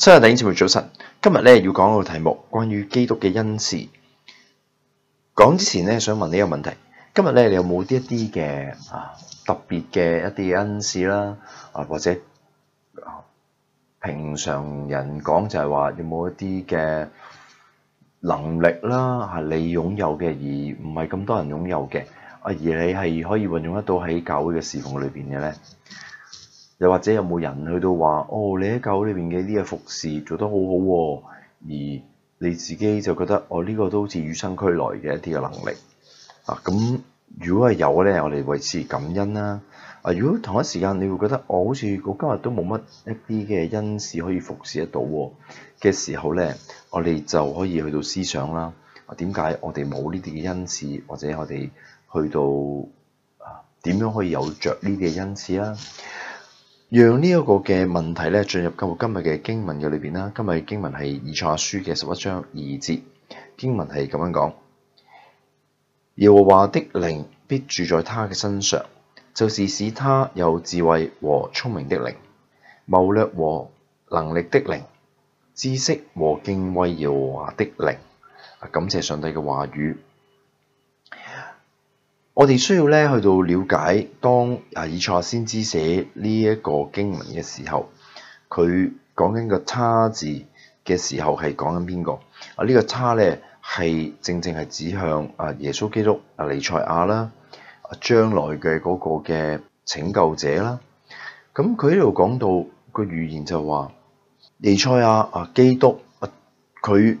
七日靈節目早晨，今日咧要講個題目，關於基督嘅恩賜。講之前咧，想問你一個問題：今日咧，你有冇啲一啲嘅啊特別嘅一啲恩賜啦？啊或者平常人講就係話，有冇一啲嘅能力啦？係你擁有嘅，而唔係咁多人擁有嘅啊！而你係可以運用得到喺教會嘅侍奉裏邊嘅咧？又或者有冇人去到話哦，你喺狗裏邊嘅呢啲服侍做得好好、啊、喎，而你自己就覺得哦、呢、呢個都好似與生俱來嘅一啲嘅能力啊。咁如果係有咧，我哋維持感恩啦、啊。啊，如果同一時間你會覺得我好似我今日都冇乜一啲嘅恩賜可以服侍得到嘅、啊、時候咧，我哋就可以去到思想啦。點解我哋冇呢啲嘅恩賜，或者我哋去到啊點樣可以有着呢啲嘅恩賜啊？讓呢一個嘅問題咧進入今日嘅經文嘅裏邊啦。今日經文係以賽亞書嘅十一章二節，經文係咁樣講：耶和華的靈必住在他嘅身上，就是使他有智慧和聰明的靈、謀略和能力的靈、知識和敬畏耶和華的靈。啊，感謝上帝嘅話語。我哋需要咧去到了解，當啊以賽亞先知寫呢一個經文嘅時候，佢講緊個差字嘅時候係講緊邊個啊，這個？呢個差咧係正正係指向啊耶穌基督啊彌賽亞啦啊將來嘅嗰個嘅拯救者啦。咁佢呢度講到個預言就話彌賽亞啊基督啊佢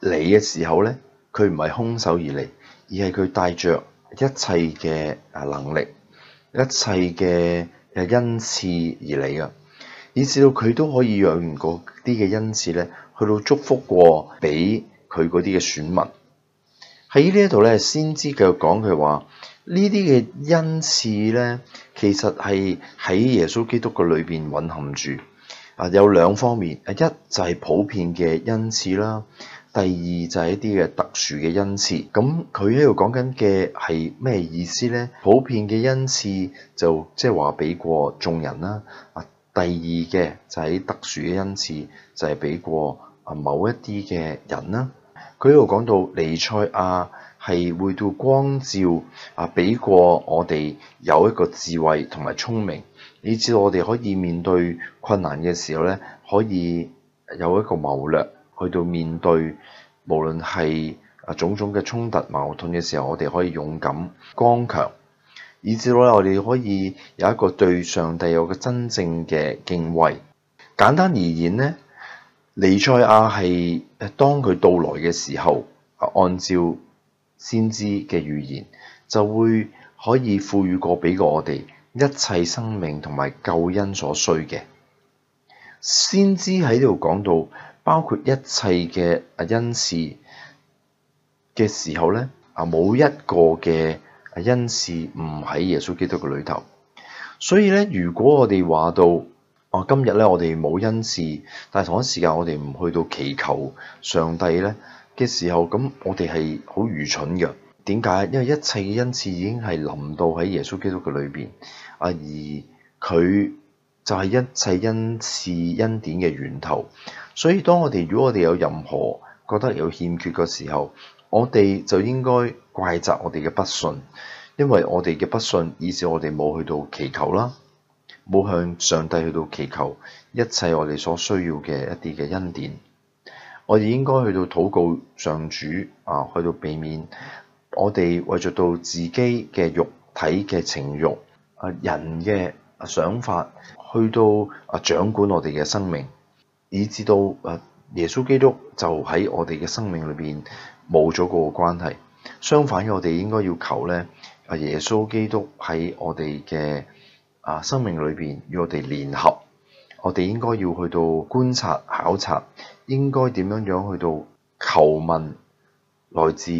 嚟嘅時候咧，佢唔係空手而嚟，而係佢帶着。一切嘅啊能力，一切嘅嘅恩賜而嚟噶，以至到佢都可以養完嗰啲嘅恩賜咧，去到祝福過俾佢嗰啲嘅選民。喺呢一度咧，先知繼續講佢話呢啲嘅恩賜咧，其實係喺耶穌基督嘅裏邊蘊含住啊，有兩方面啊，一就係普遍嘅恩賜啦。第二就係一啲嘅特殊嘅恩賜，咁佢喺度講緊嘅係咩意思呢？普遍嘅恩賜就即係話俾過眾人啦。啊，第二嘅就係特殊嘅恩賜，就係俾過啊某一啲嘅人啦。佢喺度講到彌賽亞係會到光照啊，俾過我哋有一個智慧同埋聰明，以致我哋可以面對困難嘅時候咧，可以有一個謀略。去到面對無論係啊種種嘅衝突矛盾嘅時候，我哋可以勇敢剛強，以至我哋可以有一個對上帝有個真正嘅敬畏。簡單而言呢，尼賽亞係當佢到來嘅時候，按照先知嘅預言，就會可以賦予過俾我哋一切生命同埋救恩所需嘅。先知喺呢度講到。包括一切嘅啊恩賜嘅時候呢，啊冇一個嘅啊恩賜唔喺耶穌基督嘅裏頭。所以呢，如果我哋話到啊今日呢，我哋冇恩賜，但係同一時間我哋唔去到祈求上帝呢嘅時候，咁我哋係好愚蠢嘅。點解？因為一切嘅恩賜已經係臨到喺耶穌基督嘅裏邊啊，而佢。就係一切恩賜恩典嘅源頭，所以當我哋如果我哋有任何覺得有欠缺嘅時候，我哋就應該怪責我哋嘅不信，因為我哋嘅不信，以至我哋冇去到祈求啦，冇向上帝去到祈求一切我哋所需要嘅一啲嘅恩典，我哋應該去到禱告上主啊，去到避免我哋為著到自己嘅肉體嘅情慾啊人嘅。啊！想法去到啊，掌管我哋嘅生命，以至到啊，耶穌基督就喺我哋嘅生命裏邊冇咗 𠮶 個關係。相反，我哋應該要求咧啊，耶穌基督喺我哋嘅啊生命裏邊與我哋聯合。我哋應該要去到觀察考察，應該點樣樣去到求問來自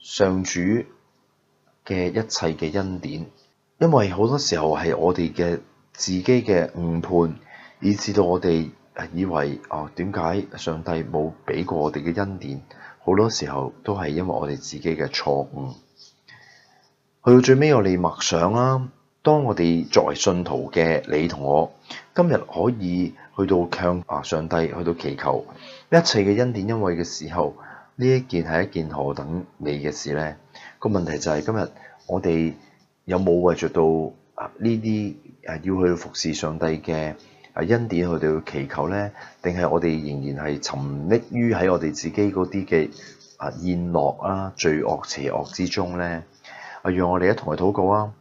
上主嘅一切嘅恩典。因為好多時候係我哋嘅自己嘅誤判，以至到我哋以為啊點解上帝冇俾過我哋嘅恩典？好多時候都係因為我哋自己嘅錯誤。去到最尾，我哋默想啦。「當我哋作為信徒嘅你同我，今日可以去到向啊上帝去到祈求一切嘅恩典，因為嘅時候，呢一件係一件何等美嘅事呢？」個問題就係今日我哋。有冇為着到啊呢啲誒要去服侍上帝嘅啊恩典，去哋祈求呢？定係我哋仍然係沉溺於喺我哋自己嗰啲嘅啊宴樂啊、罪惡邪惡之中呢？啊，讓我哋一同去禱告啊！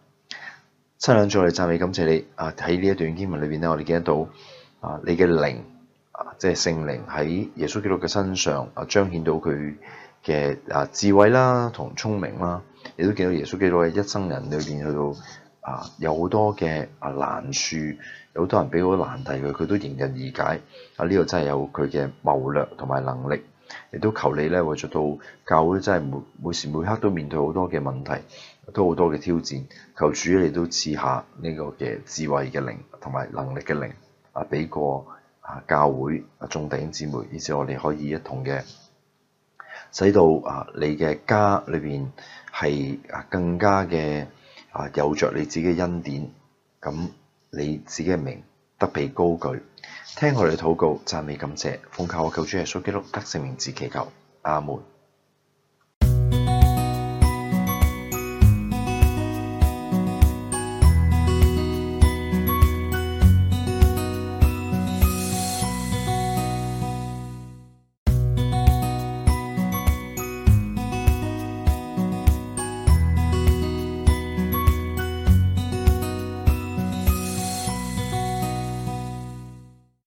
親兩再我哋讚美感謝你啊！喺呢一段經文裏邊咧，我哋見得到啊你嘅靈啊，即係聖靈喺耶穌基督嘅身上啊，彰顯到佢嘅啊智慧啦同聰明啦，亦都見到耶穌基督嘅一生人裏邊去到啊有好多嘅啊難處，有好多人俾好多難題佢，佢都迎刃而解。啊、這、呢個真係有佢嘅謀略同埋能力，亦都求你咧，為咗到教會真係每每時每刻都面對好多嘅問題，都好多嘅挑戰，求主你都賜下呢個嘅智慧嘅靈同埋能力嘅靈啊，俾個啊教會啊眾弟兄姊妹，以至我哋可以一同嘅。使到啊，你嘅家裏邊係啊更加嘅啊有著你自己嘅恩典，咁你自己嘅名得被高舉。聽我哋嘅禱告、讚美、感謝，奉靠我救主耶穌基督得勝名字祈求。阿門。